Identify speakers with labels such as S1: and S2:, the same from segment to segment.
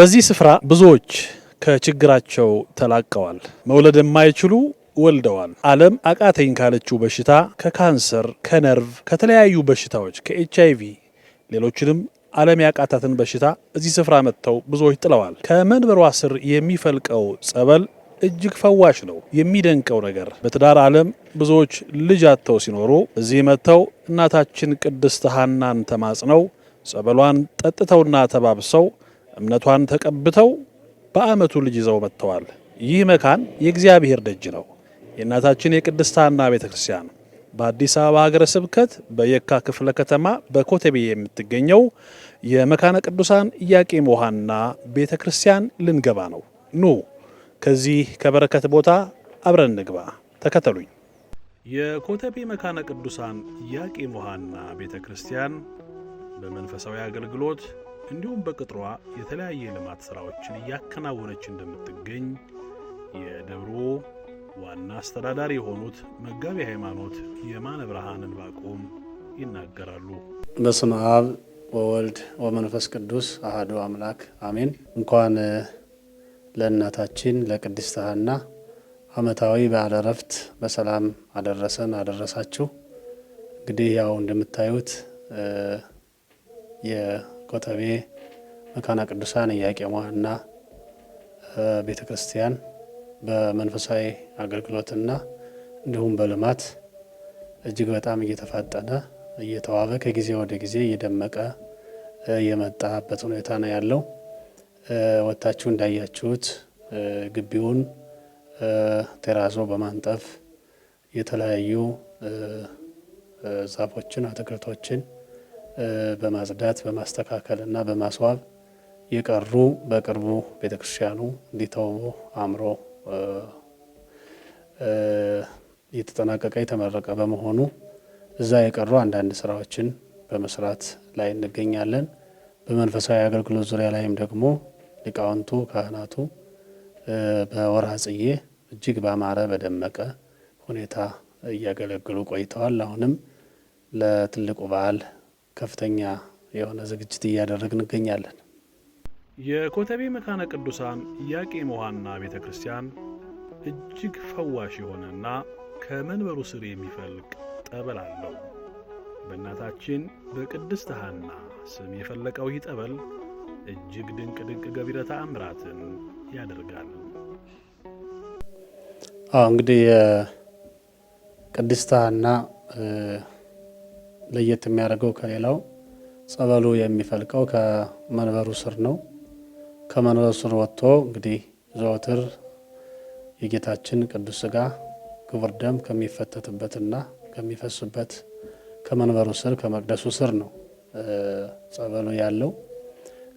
S1: በዚህ ስፍራ ብዙዎች ከችግራቸው ተላቀዋል። መውለድ የማይችሉ ወልደዋል። ዓለም አቃተኝ ካለችው በሽታ ከካንሰር፣ ከነርቭ፣ ከተለያዩ በሽታዎች ከኤች አይ ቪ ሌሎችንም ዓለም ያቃታትን በሽታ እዚህ ስፍራ መጥተው ብዙዎች ጥለዋል። ከመንበሯ ስር የሚፈልቀው ጸበል እጅግ ፈዋሽ ነው። የሚደንቀው ነገር በትዳር ዓለም ብዙዎች ልጅ አጥተው ሲኖሩ እዚህ መጥተው እናታችን ቅድስት ሐናን ተማጽነው ጸበሏን ጠጥተውና ተባብሰው እምነቷን ተቀብተው በአመቱ ልጅ ይዘው መጥተዋል። ይህ መካን የእግዚአብሔር ደጅ ነው። የእናታችን የቅድስት ሐና ቤተ ክርስቲያን በአዲስ አበባ ሀገረ ስብከት በየካ ክፍለ ከተማ በኮተቤ የምትገኘው የመካነ ቅዱሳን ኢያቄም ወሐና ቤተ ክርስቲያን ልንገባ ነው። ኑ ከዚህ ከበረከት ቦታ አብረን ንግባ ተከተሉኝ። የኮተቤ መካነ ቅዱሳን ኢያቄም ወሐና ቤተ ክርስቲያን በመንፈሳዊ አገልግሎት እንዲሁም በቅጥሯ የተለያየ የልማት ስራዎችን እያከናወነች እንደምትገኝ የደብሮ ዋና አስተዳዳሪ የሆኑት መጋቢ ሃይማኖት የማነ ብርሃን ባቆም ይናገራሉ።
S2: በስመ አብ ወወልድ ወመንፈስ ቅዱስ አህዶ አምላክ አሜን። እንኳን ለእናታችን ለቅድስት ሐና ዓመታዊ በዓለ ዕረፍት በሰላም አደረሰን አደረሳችሁ። እንግዲህ ያው እንደምታዩት ኮተቤ፣ መካና ቅዱሳን ኢያቄማ እና ቤተ ክርስቲያን በመንፈሳዊ አገልግሎትና እንዲሁም በልማት እጅግ በጣም እየተፋጠነ እየተዋበ ከጊዜ ወደ ጊዜ እየደመቀ የመጣበት ሁኔታ ነው ያለው። ወታችሁ እንዳያችሁት ግቢውን ቴራዞ በማንጠፍ የተለያዩ ዛፎችን፣ አትክልቶችን በማጽዳት በማስተካከል እና በማስዋብ የቀሩ በቅርቡ ቤተክርስቲያኑ እንዲተውቦ አምሮ የተጠናቀቀ የተመረቀ በመሆኑ እዛ የቀሩ አንዳንድ ስራዎችን በመስራት ላይ እንገኛለን። በመንፈሳዊ አገልግሎት ዙሪያ ላይም ደግሞ ሊቃውንቱ ካህናቱ በወርሃ ጽዬ እጅግ ባማረ በደመቀ ሁኔታ እያገለግሉ ቆይተዋል። አሁንም ለትልቁ በዓል ከፍተኛ የሆነ ዝግጅት እያደረግን እንገኛለን።
S1: የኮተቤ መካነ ቅዱሳን ኢያቄም ሐና ቤተ ክርስቲያን እጅግ ፈዋሽ የሆነና ከመንበሩ ስር የሚፈልቅ ጠበል አለው። በእናታችን በቅድስት ሐና ስም የፈለቀው ይህ ጠበል እጅግ ድንቅ ድንቅ ገቢረ ተአምራትን ያደርጋል።
S2: እንግዲህ የቅድስት ሐና ለየት የሚያደርገው ከሌላው ጸበሉ የሚፈልቀው ከመንበሩ ስር ነው። ከመንበሩ ስር ወጥቶ እንግዲህ ዘወትር የጌታችን ቅዱስ ስጋ ክቡር ደም ከሚፈተትበትና ከሚፈሱበት ከመንበሩ ስር ከመቅደሱ ስር ነው ጸበሉ ያለው።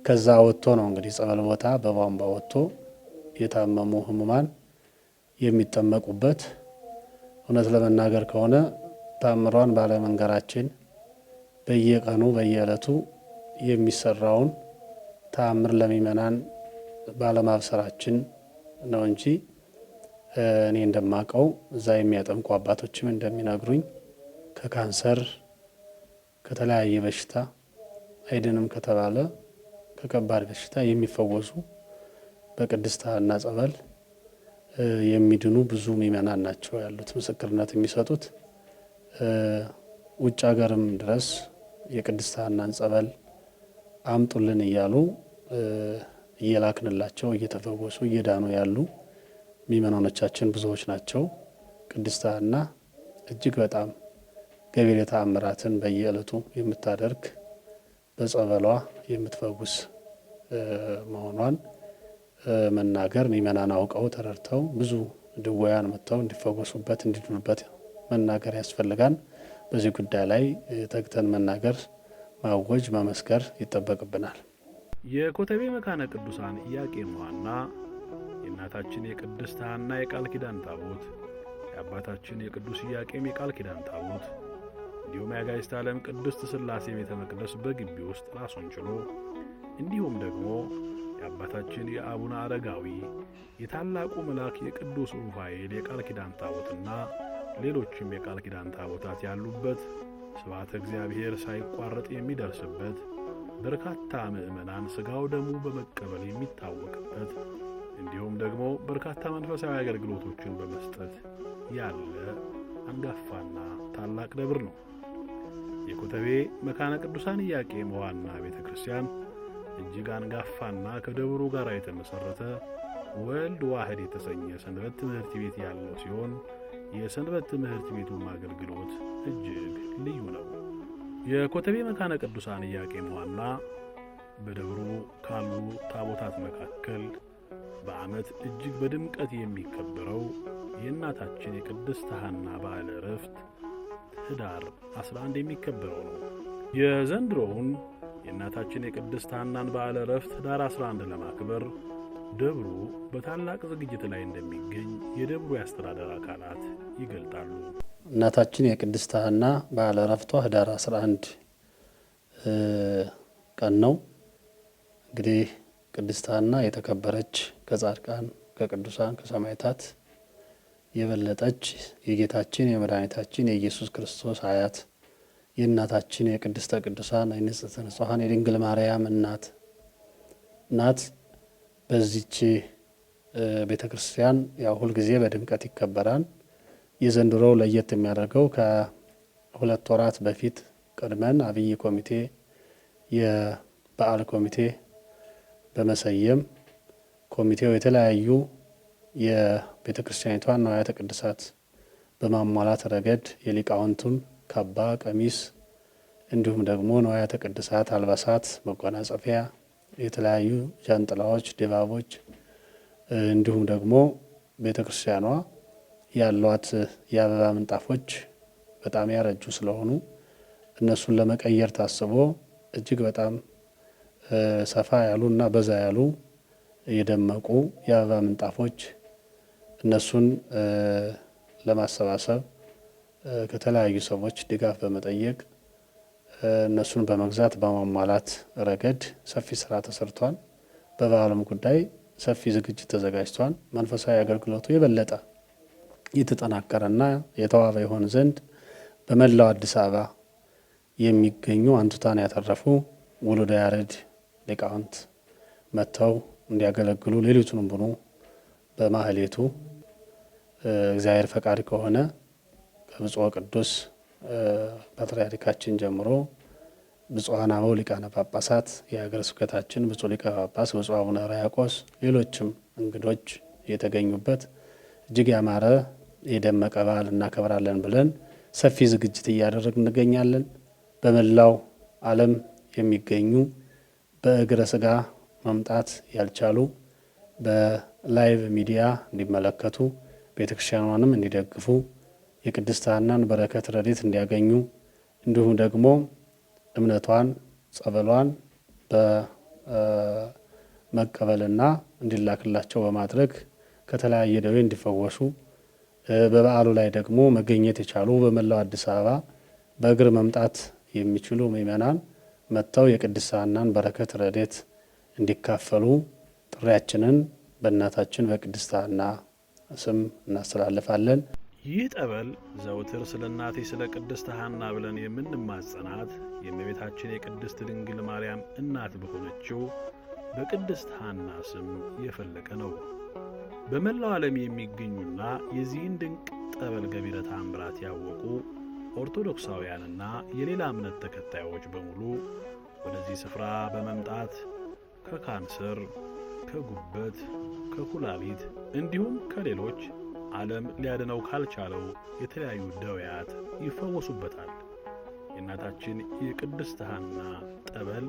S2: ከዛ ወጥቶ ነው እንግዲህ ጸበል ቦታ በቧንቧ ወጥቶ የታመሙ ህሙማን የሚጠመቁበት። እውነት ለመናገር ከሆነ ታምሯን ባለመንገራችን በየቀኑ በየዕለቱ የሚሰራውን ተአምር ለሚመናን ባለማብሰራችን ነው እንጂ እኔ እንደማቀው እዛ የሚያጠምቁ አባቶችም እንደሚነግሩኝ ከካንሰር ከተለያየ በሽታ አይድንም ከተባለ ከከባድ በሽታ የሚፈወሱ በቅድስታ እና ጸበል የሚድኑ ብዙ ምእመናን ናቸው ያሉት ምስክርነት የሚሰጡት ውጭ ሀገርም ድረስ የቅድስት ሐናን ጸበል አምጡልን እያሉ እየላክንላቸው እየተፈወሱ እየዳኑ ያሉ ሚመኖኖቻችን ብዙዎች ናቸው። ቅድስት ሐና እጅግ በጣም ገቢረ ተአምራትን በየዕለቱ የምታደርግ በጸበሏ የምትፈውስ መሆኗን መናገር ሚመናን አውቀው ተረድተው ብዙ ድወያን መጥተው እንዲፈወሱበት እንዲድኑበት መናገር ያስፈልጋል። በዚህ ጉዳይ ላይ ተግተን መናገር፣ ማወጅ፣ መመስከር ይጠበቅብናል።
S1: የኮተቤ መካነ ቅዱሳን ኢያቄሟና የእናታችን የቅድስት ሐና የቃል ኪዳን ታቦት፣ የአባታችን የቅዱስ ኢያቄም የቃል ኪዳን ታቦት እንዲሁም የአጋዕዝተ ዓለም ቅድስት ሥላሴ ቤተ መቅደስ በግቢ ውስጥ ራሱን ችሎ እንዲሁም ደግሞ የአባታችን የአቡነ አረጋዊ የታላቁ መልአክ የቅዱስ ሩፋኤል የቃል ኪዳን ታቦትና ሌሎችም የቃል ኪዳን ታቦታት ያሉበት ስባተ እግዚአብሔር ሳይቋረጥ የሚደርስበት በርካታ ምዕመናን ሥጋው ደሙ በመቀበል የሚታወቅበት እንዲሁም ደግሞ በርካታ መንፈሳዊ አገልግሎቶችን በመስጠት ያለ አንጋፋና ታላቅ ደብር ነው። የኮተቤ መካነ ቅዱሳን ኢያቄም ዋና ቤተ ክርስቲያን እጅግ አንጋፋና ከደብሩ ጋር የተመሠረተ ወልድ ዋህድ የተሰኘ ሰንበት ትምህርት ቤት ያለው ሲሆን የሰንበት ትምህርት ቤቱም አገልግሎት እጅግ ልዩ ነው። የኮተቤ መካነ ቅዱሳን ኢያቄም ዋና በደብሩ ካሉ ታቦታት መካከል በዓመት እጅግ በድምቀት የሚከበረው የእናታችን የቅድስት ሐና በዓለ ዕረፍት ህዳር 11 የሚከበረው ነው። የዘንድሮውን የእናታችን የቅድስት ሐናን በዓለ ዕረፍት ህዳር 11 ለማክበር ደብሩ በታላቅ ዝግጅት ላይ እንደሚገኝ የደብሩ የአስተዳደር አካላት ይገልጣሉ።
S2: እናታችን የቅድስት ሐና በዓለ ዕረፍቷ ህዳር 11 ቀን ነው። እንግዲህ ቅድስት ሐና የተከበረች ከጻድቃን ከቅዱሳን ከሰማዕታት የበለጠች የጌታችን የመድኃኒታችን የኢየሱስ ክርስቶስ አያት የእናታችን የቅድስተ ቅዱሳን የንጽሕተ ንጹሐን የድንግል ማርያም እናት ናት። በዚች ቤተ ክርስቲያን ያው ሁልጊዜ በድምቀት ይከበራል። የዘንድሮው ለየት የሚያደርገው ከሁለት ወራት በፊት ቀድመን አብይ ኮሚቴ የበዓል ኮሚቴ በመሰየም ኮሚቴው የተለያዩ የቤተ ክርስቲያኒቷን ንዋያተ ቅድሳት በማሟላት ረገድ የሊቃውንቱን ካባ፣ ቀሚስ እንዲሁም ደግሞ ንዋያተ ቅድሳት፣ አልባሳት፣ መጎናጸፊያ የተለያዩ ጃንጥላዎች፣ ድባቦች እንዲሁም ደግሞ ቤተ ክርስቲያኗ ያሏት የአበባ ምንጣፎች በጣም ያረጁ ስለሆኑ እነሱን ለመቀየር ታስቦ እጅግ በጣም ሰፋ ያሉ እና በዛ ያሉ የደመቁ የአበባ ምንጣፎች እነሱን ለማሰባሰብ ከተለያዩ ሰዎች ድጋፍ በመጠየቅ እነሱን በመግዛት በማሟላት ረገድ ሰፊ ስራ ተሰርቷል። በበዓሉም ጉዳይ ሰፊ ዝግጅት ተዘጋጅቷል። መንፈሳዊ አገልግሎቱ የበለጠ የተጠናከረና የተዋበ ይሆን ዘንድ በመላው አዲስ አበባ የሚገኙ አንቱታን ያተረፉ ውሉደ ያሬድ ሊቃውንት መጥተው እንዲያገለግሉ ሌሊቱንም ብኑ በማህሌቱ እግዚአብሔር ፈቃድ ከሆነ ከብፁዕ ቅዱስ ፓትርያርካችን ጀምሮ ብፁዓን አበው ሊቃነ ጳጳሳት፣ የሀገረ ስብከታችን ብፁዕ ሊቀ ጳጳስ ብፁዕ አቡነ ሌሎችም እንግዶች የተገኙበት እጅግ ያማረ የደመቀ በዓል እናከብራለን ብለን ሰፊ ዝግጅት እያደረግ እንገኛለን። በመላው ዓለም የሚገኙ በእግረ ስጋ መምጣት ያልቻሉ በላይቭ ሚዲያ እንዲመለከቱ ቤተክርስቲያኗንም እንዲደግፉ የቅድስት ሐናን በረከት ረድኤት እንዲያገኙ እንዲሁም ደግሞ እምነቷን ጸበሏን በመቀበልና እንዲላክላቸው በማድረግ ከተለያየ ደዌ እንዲፈወሱ በበዓሉ ላይ ደግሞ መገኘት የቻሉ በመላው አዲስ አበባ በእግር መምጣት የሚችሉ ምእመናን መጥተው የቅድስት ሐናን በረከት ረድኤት እንዲካፈሉ ጥሪያችንን በእናታችን በቅድስት ሐና ስም እናስተላልፋለን።
S1: ይህ ጠበል ዘውትር ስለ እናቴ ስለ ቅድስት ሐና ብለን የምንማጸናት የእመቤታችን የቅድስት ድንግል ማርያም እናት በሆነችው በቅድስት ሐና ስም የፈለቀ ነው። በመላው ዓለም የሚገኙና የዚህን ድንቅ ጠበል ገቢረ ተአምራት ያወቁ ኦርቶዶክሳውያንና የሌላ እምነት ተከታዮች በሙሉ ወደዚህ ስፍራ በመምጣት ከካንሰር፣ ከጉበት፣ ከኩላሊት እንዲሁም ከሌሎች ዓለም ሊያድነው ካልቻለው የተለያዩ ደውያት ይፈወሱበታል። የእናታችን የቅድስት ሐና ጠበል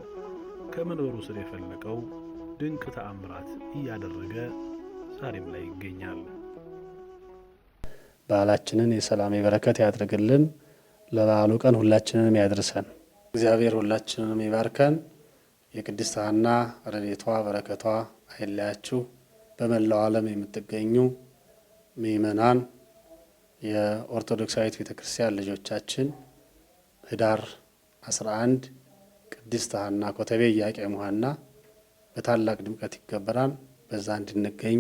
S1: ከመንበሩ ስር የፈለቀው ድንቅ ተአምራት እያደረገ ዛሬም ላይ ይገኛል።
S2: በዓላችንን የሰላም የበረከት ያድርግልን። ለበዓሉ ቀን ሁላችንንም ያድርሰን። እግዚአብሔር ሁላችንንም ይባርከን። የቅድስት ሐና ረድኤቷ በረከቷ አይለያችሁ። በመላው ዓለም የምትገኙ ምእመናን፣ የኦርቶዶክሳዊት ቤተ ክርስቲያን ልጆቻችን ህዳር 11 ቅድስት ሐና ኮተቤ ኢያቄም ሐና በታላቅ ድምቀት ይከበራል። በዛ እንድንገኝ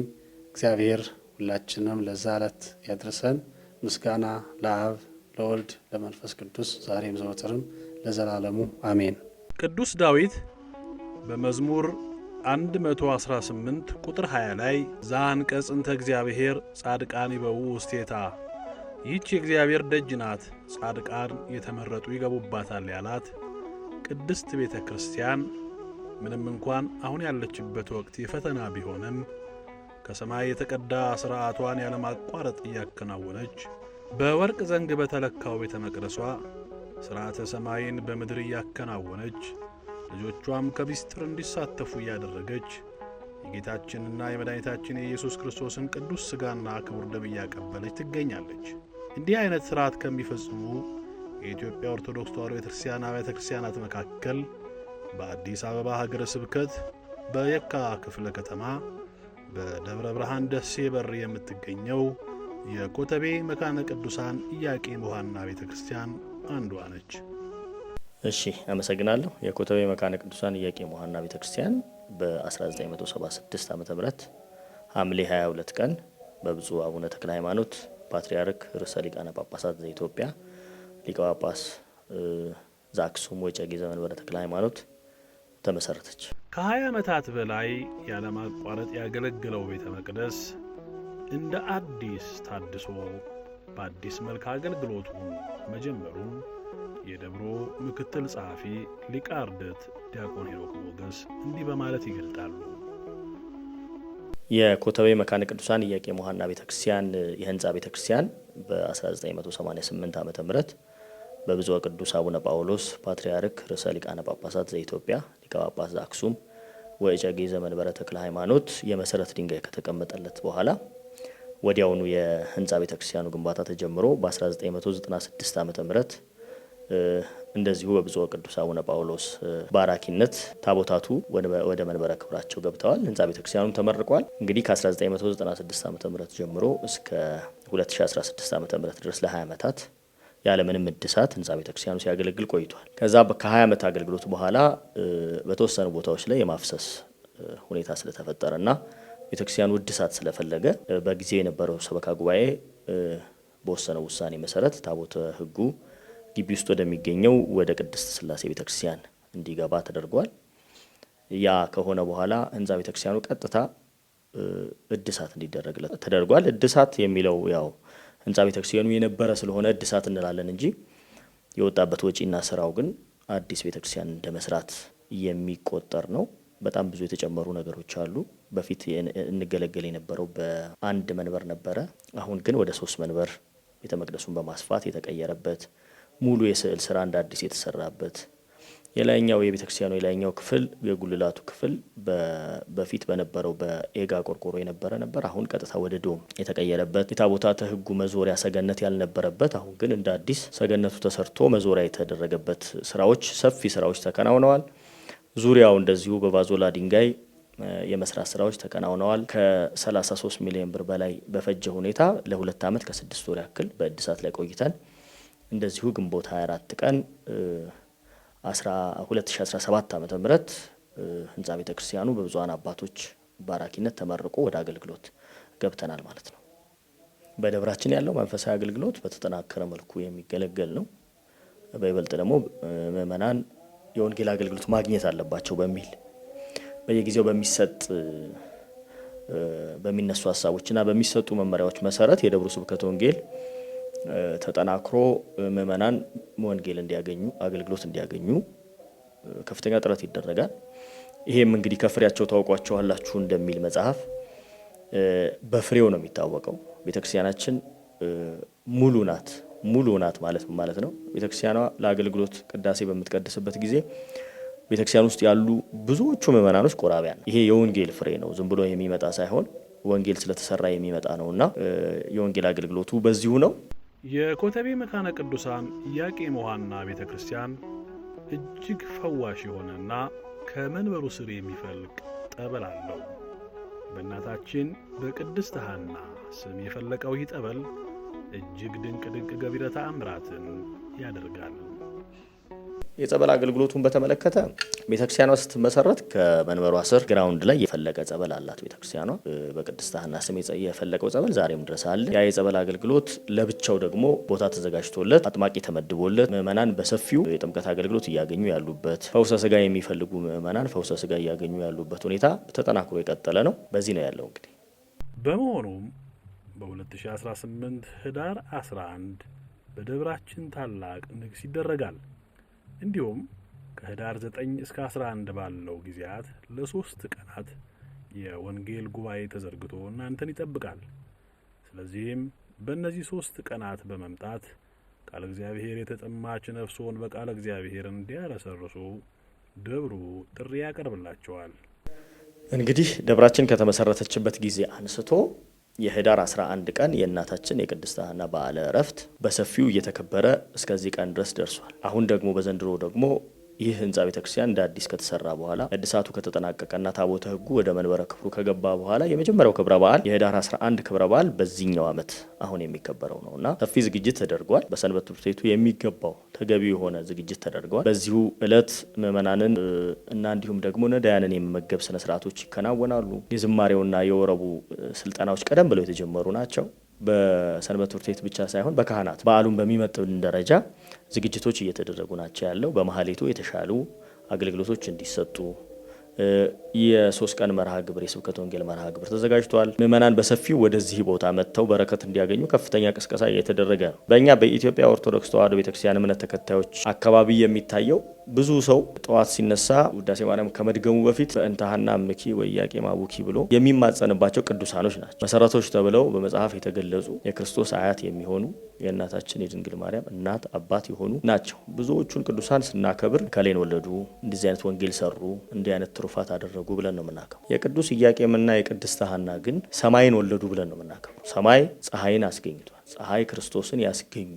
S2: እግዚአብሔር ሁላችንም ለዛ ዕለት ያድርሰን። ምስጋና ለአብ ለወልድ ለመንፈስ ቅዱስ ዛሬም ዘወትርም ለዘላለሙ አሜን።
S1: ቅዱስ ዳዊት በመዝሙር 118 ቁጥር 20 ላይ ዛን እንተ እግዚአብሔር ጻድቃን ይበው ውስቴታ ይህች የእግዚአብሔር ደጅ ናት፣ ጻድቃን የተመረጡ ይገቡባታል ያላት ቅድስት ቤተ ክርስቲያን ምንም እንኳን አሁን ያለችበት ወቅት የፈተና ቢሆንም ከሰማይ የተቀዳ ሥርዓቷን ያለማቋረጥ እያከናወነች በወርቅ ዘንግ በተለካው ቤተ መቅደሷ ሥርዓተ ሰማይን በምድር እያከናወነች ልጆቿም ከሚስጥር እንዲሳተፉ እያደረገች የጌታችንና የመድኃኒታችን የኢየሱስ ክርስቶስን ቅዱስ ሥጋና ክቡር ደም እያቀበለች ትገኛለች። እንዲህ አይነት ሥርዓት ከሚፈጽሙ የኢትዮጵያ ኦርቶዶክስ ተዋሕዶ ቤተክርስቲያን አብያተ ክርስቲያናት መካከል በአዲስ አበባ ሀገረ ስብከት በየካ ክፍለ ከተማ በደብረ ብርሃን ደሴ በር የምትገኘው የኮተቤ መካነ ቅዱሳን ኢያቄም ዮሐና ቤተ ክርስቲያን አንዷ ነች።
S2: እሺ አመሰግናለሁ። የኮተቤ መካነ ቅዱሳን ኢያቄም ሐና ቤተ ክርስቲያን በ1976 ዓ ም ሐምሌ 22 ቀን በብፁዕ አቡነ ተክለ ሃይማኖት ፓትርያርክ ርዕሰ ሊቃነ ጳጳሳት ዘኢትዮጵያ ሊቀ ጳጳስ ዘአክሱም ወዕጨጌ ዘመንበረ ተክለ ሃይማኖት ተመሰረተች።
S1: ከ20 ዓመታት በላይ ያለማቋረጥ ያገለገለው ቤተ መቅደስ እንደ አዲስ ታድሶ በአዲስ መልክ አገልግሎቱ መጀመሩን የደብሮ ምክትል ጸሐፊ ሊቀ አርድእት ዲያቆን ሄኖክ ሞገስ እንዲህ በማለት ይገልጣሉ።
S2: የኮተቤ መካነ ቅዱሳን ኢያቄ ሐና ቤተክርስቲያን የህንፃ ቤተክርስቲያን በ1988 ዓ ም በብፁዕ ወቅዱስ አቡነ ጳውሎስ ፓትርያርክ ርዕሰ ሊቃነ ጳጳሳት ዘኢትዮጵያ ሊቀ ጳጳስ ዘአክሱም ወእጨጌ ዘመንበረ ተክለ ሃይማኖት የመሰረት ድንጋይ ከተቀመጠለት በኋላ ወዲያውኑ የህንፃ ቤተክርስቲያኑ ግንባታ ተጀምሮ በ1996 ዓ ም እንደዚሁ በብፁዕ ቅዱስ አቡነ ጳውሎስ ባራኪነት ታቦታቱ ወደ መንበረ ክብራቸው ገብተዋል። ህንፃ ቤተክርስቲያኑም ተመርቋል። እንግዲህ ከ1996 ዓ ም ጀምሮ እስከ 2016 ዓ ም ድረስ ለ20 ዓመታት ያለምንም እድሳት ህንፃ ቤተክርስቲያኑ ሲያገለግል ቆይቷል። ከዛ ከ20 ዓመት አገልግሎት በኋላ በተወሰኑ ቦታዎች ላይ የማፍሰስ ሁኔታ ስለተፈጠረ እና ቤተክርስቲያኑ እድሳት ስለፈለገ በጊዜ የነበረው ሰበካ ጉባኤ በወሰነው ውሳኔ መሰረት ታቦተ ህጉ ግቢ ውስጥ ወደሚገኘው ወደ ቅድስት ስላሴ ቤተክርስቲያን እንዲገባ ተደርጓል። ያ ከሆነ በኋላ ህንፃ ቤተክርስቲያኑ ቀጥታ እድሳት እንዲደረግ ተደርጓል። እድሳት የሚለው ያው ህንፃ ቤተክርስቲያኑ የነበረ ስለሆነ እድሳት እንላለን እንጂ የወጣበት ወጪና ስራው ግን አዲስ ቤተክርስቲያን እንደ መስራት የሚቆጠር ነው። በጣም ብዙ የተጨመሩ ነገሮች አሉ። በፊት እንገለገል የነበረው በአንድ መንበር ነበረ። አሁን ግን ወደ ሶስት መንበር ቤተ መቅደሱን በማስፋት የተቀየረበት ሙሉ የስዕል ስራ እንደ አዲስ የተሰራበት የላይኛው የቤተ ክርስቲያኑ የላይኛው ክፍል የጉልላቱ ክፍል በፊት በነበረው በኤጋ ቆርቆሮ የነበረ ነበር። አሁን ቀጥታ ወደ ዶም የተቀየረበት የታቦታተ ሕጉ መዞሪያ ሰገነት ያልነበረበት፣ አሁን ግን እንደ አዲስ ሰገነቱ ተሰርቶ መዞሪያ የተደረገበት ስራዎች ሰፊ ስራዎች ተከናውነዋል። ዙሪያው እንደዚሁ በቫዞላ ድንጋይ የመስራት ስራዎች ተከናውነዋል። ከ33 ሚሊዮን ብር በላይ በፈጀ ሁኔታ ለሁለት ዓመት ከስድስት ወር ያክል በእድሳት ላይ ቆይተን እንደዚሁ ግንቦት 24 ቀን 2017 ዓ ም ህንፃ ቤተ ክርስቲያኑ በብፁዓን አባቶች ባራኪነት ተመርቆ ወደ አገልግሎት ገብተናል ማለት ነው። በደብራችን ያለው መንፈሳዊ አገልግሎት በተጠናከረ መልኩ የሚገለገል ነው። በይበልጥ ደግሞ ምዕመናን የወንጌል አገልግሎት ማግኘት አለባቸው በሚል በየጊዜው በሚሰጥ በሚነሱ ሀሳቦችና በሚሰጡ መመሪያዎች መሰረት የደብሩ ስብከተ ወንጌል ተጠናክሮ ምእመናን ወንጌል እንዲያገኙ አገልግሎት እንዲያገኙ ከፍተኛ ጥረት ይደረጋል። ይሄም እንግዲህ ከፍሬያቸው ታውቋቸዋላችሁ እንደሚል መጽሐፍ በፍሬው ነው የሚታወቀው። ቤተክርስቲያናችን ሙሉ ናት፣ ሙሉ ናት ማለት ማለት ነው። ቤተክርስቲያኗ ለአገልግሎት ቅዳሴ በምትቀድስበት ጊዜ ቤተክርስቲያን ውስጥ ያሉ ብዙዎቹ ምዕመናኖች ቆራቢያን። ይሄ የወንጌል ፍሬ ነው፣ ዝም ብሎ የሚመጣ ሳይሆን ወንጌል ስለተሰራ የሚመጣ ነው እና የወንጌል አገልግሎቱ በዚሁ ነው።
S1: የኮተቤ መካነ ቅዱሳን ኢያቄም ሐና ቤተ ክርስቲያን እጅግ ፈዋሽ የሆነና ከመንበሩ ስር የሚፈልቅ ጠበል አለው። በእናታችን በቅድስት ሐና ስም የፈለቀው ይህ ጠበል እጅግ ድንቅ ድንቅ ገቢረ ተአምራትን ያደርጋል።
S2: የጸበል አገልግሎቱን በተመለከተ ቤተክርስቲያኗ ስትመሰረት ከመንበሯ ስር ግራውንድ ላይ የፈለቀ ጸበል አላት። ቤተክርስቲያኗ በቅድስት ሐና ስም የፈለቀው ጸበል ዛሬም ድረስ አለ። ያ የጸበል አገልግሎት ለብቻው ደግሞ ቦታ ተዘጋጅቶለት አጥማቂ ተመድቦለት ምእመናን በሰፊው የጥምቀት አገልግሎት እያገኙ ያሉበት፣ ፈውሰ ስጋ የሚፈልጉ ምእመናን ፈውሰ ስጋ እያገኙ ያሉበት ሁኔታ ተጠናክሮ የቀጠለ ነው። በዚህ ነው ያለው እንግዲህ
S1: በመሆኑም በ2018 ህዳር 11 በደብራችን ታላቅ ንግስ ይደረጋል። እንዲሁም ከህዳር 9 እስከ 11 ባለው ጊዜያት ለሶስት ቀናት የወንጌል ጉባኤ ተዘርግቶ እናንተን ይጠብቃል። ስለዚህም በእነዚህ ሶስት ቀናት በመምጣት ቃለ እግዚአብሔር የተጠማች ነፍሶን በቃለ እግዚአብሔር እንዲያረሰርሱ ደብሩ ጥሪ ያቀርብላቸዋል።
S2: እንግዲህ ደብራችን ከተመሰረተችበት ጊዜ አንስቶ የህዳር 11 ቀን የእናታችን የቅድስት ሐና በዓለ እረፍት በሰፊው እየተከበረ እስከዚህ ቀን ድረስ ደርሷል። አሁን ደግሞ በዘንድሮ ደግሞ ይህ ህንፃ ቤተክርስቲያን እንደ አዲስ ከተሰራ በኋላ እድሳቱ እና ታቦተ ህጉ ወደ መንበረ ክብሩ ከገባ በኋላ የመጀመሪያው ክብረ በዓል የህዳር 11 ክብረ በዓል በዚህኛው ዓመት አሁን የሚከበረው ነው እና ሰፊ ዝግጅት ተደርጓል። በሰንበት ትምህርት ቤቱ የሚገባው ተገቢው የሆነ ዝግጅት ተደርገዋል። በዚሁ እለት ምዕመናንን እና እንዲሁም ደግሞ ነዳያንን የመመገብ ስነስርዓቶች ይከናወናሉ። የዝማሬውና የወረቡ ስልጠናዎች ቀደም ብለው የተጀመሩ ናቸው። በሰንበት ትምህርት ቤት ብቻ ሳይሆን በካህናት በዓሉን በሚመጥን ደረጃ ዝግጅቶች እየተደረጉ ናቸው ያለው። በመሀሌቱ የተሻሉ አገልግሎቶች እንዲሰጡ የሶስት ቀን መርሃ ግብር የስብከት ወንጌል መርሃ ግብር ተዘጋጅቷል። ምእመናን በሰፊው ወደዚህ ቦታ መጥተው በረከት እንዲያገኙ ከፍተኛ ቅስቀሳ እየተደረገ ነው። በእኛ በኢትዮጵያ ኦርቶዶክስ ተዋሕዶ ቤተክርስቲያን እምነት ተከታዮች አካባቢ የሚታየው ብዙ ሰው ጠዋት ሲነሳ ውዳሴ ማርያም ከመድገሙ በፊት በእንታሃና ምኪ ወያቄ ማቡኪ ብሎ የሚማጸንባቸው ቅዱሳኖች ናቸው። መሰረቶች ተብለው በመጽሐፍ የተገለጹ የክርስቶስ አያት የሚሆኑ የእናታችን የድንግል ማርያም እናት አባት የሆኑ ናቸው። ብዙዎቹን ቅዱሳን ስናከብር ከሌን ወለዱ፣ እንደዚህ አይነት ወንጌል ሰሩ፣ እንዲህ አይነት ትሩፋት አደረጉ ብለን ነው የምናከብረው። የቅዱስ ኢያቄምና የቅድስት ሐና ግን ሰማይን ወለዱ ብለን ነው የምናከብረው። ሰማይ ፀሐይን አስገኝቷል። ፀሐይ ክርስቶስን ያስገኙ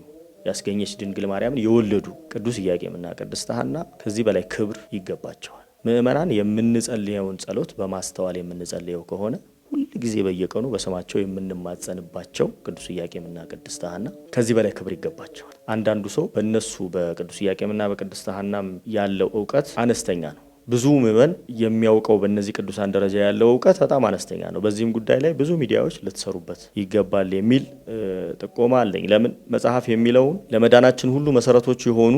S2: ያስገኘች ድንግል ማርያምን የወለዱ ቅዱስ ኢያቄምና ቅድስት ሐና ከዚህ በላይ ክብር ይገባቸዋል። ምእመናን የምንጸልየውን ጸሎት በማስተዋል የምንጸልየው ከሆነ ሁልጊዜ በየቀኑ በስማቸው የምንማጸንባቸው ቅዱስ ኢያቄምና ቅድስት ሐና ከዚህ በላይ ክብር ይገባቸዋል። አንዳንዱ ሰው በእነሱ በቅዱስ ኢያቄምና በቅድስት ሐናም ያለው እውቀት አነስተኛ ነው። ብዙ ምዕመን የሚያውቀው በእነዚህ ቅዱሳን ደረጃ ያለው እውቀት በጣም አነስተኛ ነው። በዚህም ጉዳይ ላይ ብዙ ሚዲያዎች ልትሰሩበት ይገባል የሚል ጥቆማ አለኝ። ለምን መጽሐፍ የሚለውን ለመዳናችን ሁሉ መሰረቶች የሆኑ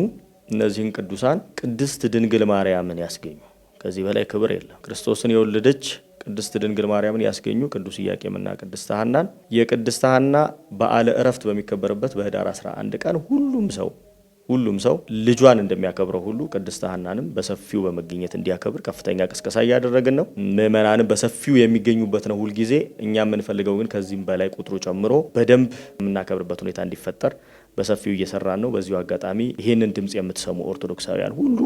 S2: እነዚህን ቅዱሳን ቅድስት ድንግል ማርያምን ያስገኙ። ከዚህ በላይ ክብር የለም። ክርስቶስን የወለደች ቅድስት ድንግል ማርያምን ያስገኙ ቅዱስ ኢያቄምና ቅድስት ሐናን የቅድስት ሐና በዓለ እረፍት በሚከበርበት በህዳር 11 ቀን ሁሉም ሰው ሁሉም ሰው ልጇን እንደሚያከብረው ሁሉ ቅድስት ሐናንም በሰፊው በመገኘት እንዲያከብር ከፍተኛ ቅስቀሳ እያደረግን ነው። ምዕመናንም በሰፊው የሚገኙበት ነው ሁልጊዜ። እኛ የምንፈልገው ግን ከዚህም በላይ ቁጥሩ ጨምሮ በደንብ የምናከብርበት ሁኔታ እንዲፈጠር በሰፊው እየሰራን ነው። በዚሁ አጋጣሚ ይህንን ድምፅ የምትሰሙ ኦርቶዶክሳውያን ሁሉ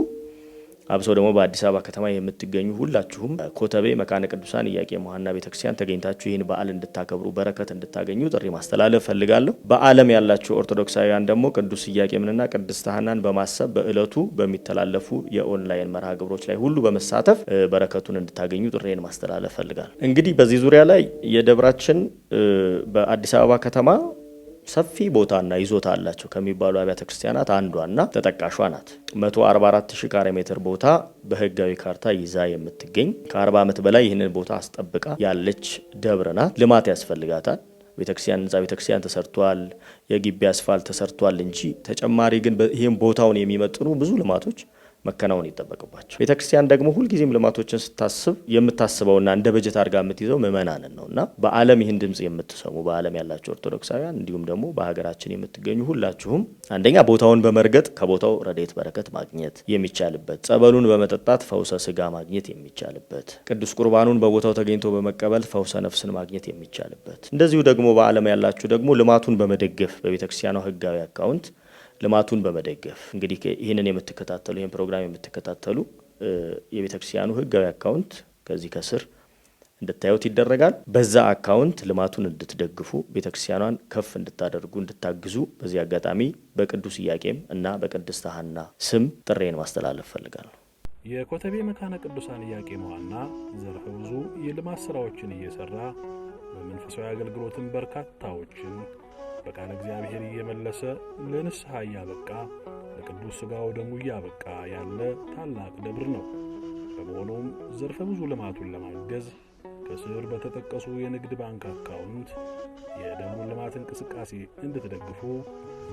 S2: አብሶ ደግሞ በአዲስ አበባ ከተማ የምትገኙ ሁላችሁም ኮተቤ መካነ ቅዱሳን ኢያቄ ሐና ቤተክርስቲያን ተገኝታችሁ ይህን በዓል እንድታከብሩ በረከት እንድታገኙ ጥሪ ማስተላለፍ ፈልጋለሁ። በዓለም ያላችሁ ኦርቶዶክሳውያን ደግሞ ቅዱስ ኢያቄምንና ቅድስት ሐናን በማሰብ በእለቱ በሚተላለፉ የኦንላይን መርሃ ግብሮች ላይ ሁሉ በመሳተፍ በረከቱን እንድታገኙ ጥሬን ማስተላለፍ ፈልጋለሁ። እንግዲህ በዚህ ዙሪያ ላይ የደብራችን በአዲስ አበባ ከተማ ሰፊ ቦታና ይዞታ አላቸው ከሚባሉ አብያተ ክርስቲያናት አንዷና ተጠቃሿ ናት። 144 ሺህ ካሬ ሜትር ቦታ በህጋዊ ካርታ ይዛ የምትገኝ ከ40 ዓመት በላይ ይህንን ቦታ አስጠብቃ ያለች ደብር ናት። ልማት ያስፈልጋታል። ቤተክርስቲያን ህንጻ ቤተክርስቲያን ተሰርቷል፣ የግቢ አስፋልት ተሰርቷል እንጂ ተጨማሪ ግን ይህም ቦታውን የሚመጥኑ ብዙ ልማቶች መከናወን ይጠበቅባቸው። ቤተ ክርስቲያን ደግሞ ሁልጊዜም ልማቶችን ስታስብ የምታስበውና እንደ በጀት አድርጋ የምትይዘው ምእመናንን ነው እና በዓለም ይህን ድምፅ የምትሰሙ በዓለም ያላቸው ኦርቶዶክሳውያን እንዲሁም ደግሞ በሀገራችን የምትገኙ ሁላችሁም አንደኛ ቦታውን በመርገጥ ከቦታው ረድኤት በረከት ማግኘት የሚቻልበት፣ ጸበሉን በመጠጣት ፈውሰ ስጋ ማግኘት የሚቻልበት፣ ቅዱስ ቁርባኑን በቦታው ተገኝቶ በመቀበል ፈውሰ ነፍስን ማግኘት የሚቻልበት፣ እንደዚሁ ደግሞ በዓለም ያላችሁ ደግሞ ልማቱን በመደገፍ በቤተክርስቲያኗ ህጋዊ አካውንት ልማቱን በመደገፍ እንግዲህ ይህንን የምትከታተሉ ይህን ፕሮግራም የምትከታተሉ የቤተ ክርስቲያኑ ህጋዊ አካውንት ከዚህ ከስር እንድታዩት ይደረጋል። በዛ አካውንት ልማቱን እንድትደግፉ ቤተ ክርስቲያኗን ከፍ እንድታደርጉ እንድታግዙ በዚህ አጋጣሚ በቅዱስ ኢያቄም እና በቅድስት ሐና ስም ጥሬን ማስተላለፍ ፈልጋለሁ።
S1: የኮተቤ መካነ ቅዱሳን ኢያቄም ሐና ዘርፈ ብዙ የልማት ስራዎችን እየሰራ በመንፈሳዊ አገልግሎትን በርካታዎችን በቃለ እግዚአብሔር እየመለሰ ለንስሐ እያበቃ ለቅዱስ ሥጋው ደሙ እያበቃ ያለ ታላቅ ደብር ነው። በመሆኑም ዘርፈ ብዙ ልማቱን ለማገዝ ከስር በተጠቀሱ የንግድ ባንክ አካውንት የደብሩን ልማት እንቅስቃሴ እንድትደግፉ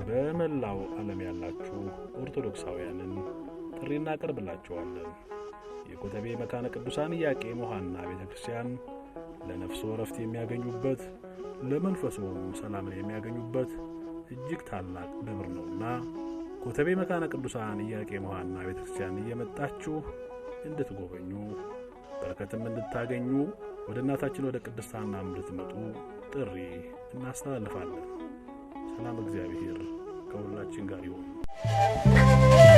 S1: በመላው ዓለም ያላችሁ ኦርቶዶክሳውያንን ጥሪ እናቀርብላችኋለን። የኮተቤ መካነ ቅዱሳን ኢያቄም ሐና ቤተ ክርስቲያን ለነፍሶ ረፍት የሚያገኙበት ለመንፈሱ ሰላምን የሚያገኙበት እጅግ ታላቅ ደብር ነውና ኮተቤ መካነ ቅዱሳን ኢያቄም ሐና ቤተ ክርስቲያን እየመጣችሁ እንድትጎበኙ በረከትም እንድታገኙ ወደ እናታችን ወደ ቅድስት ሐናም እንድትመጡ ጥሪ እናስተላልፋለን። ሰላም እግዚአብሔር ከሁላችን ጋር ይሁን።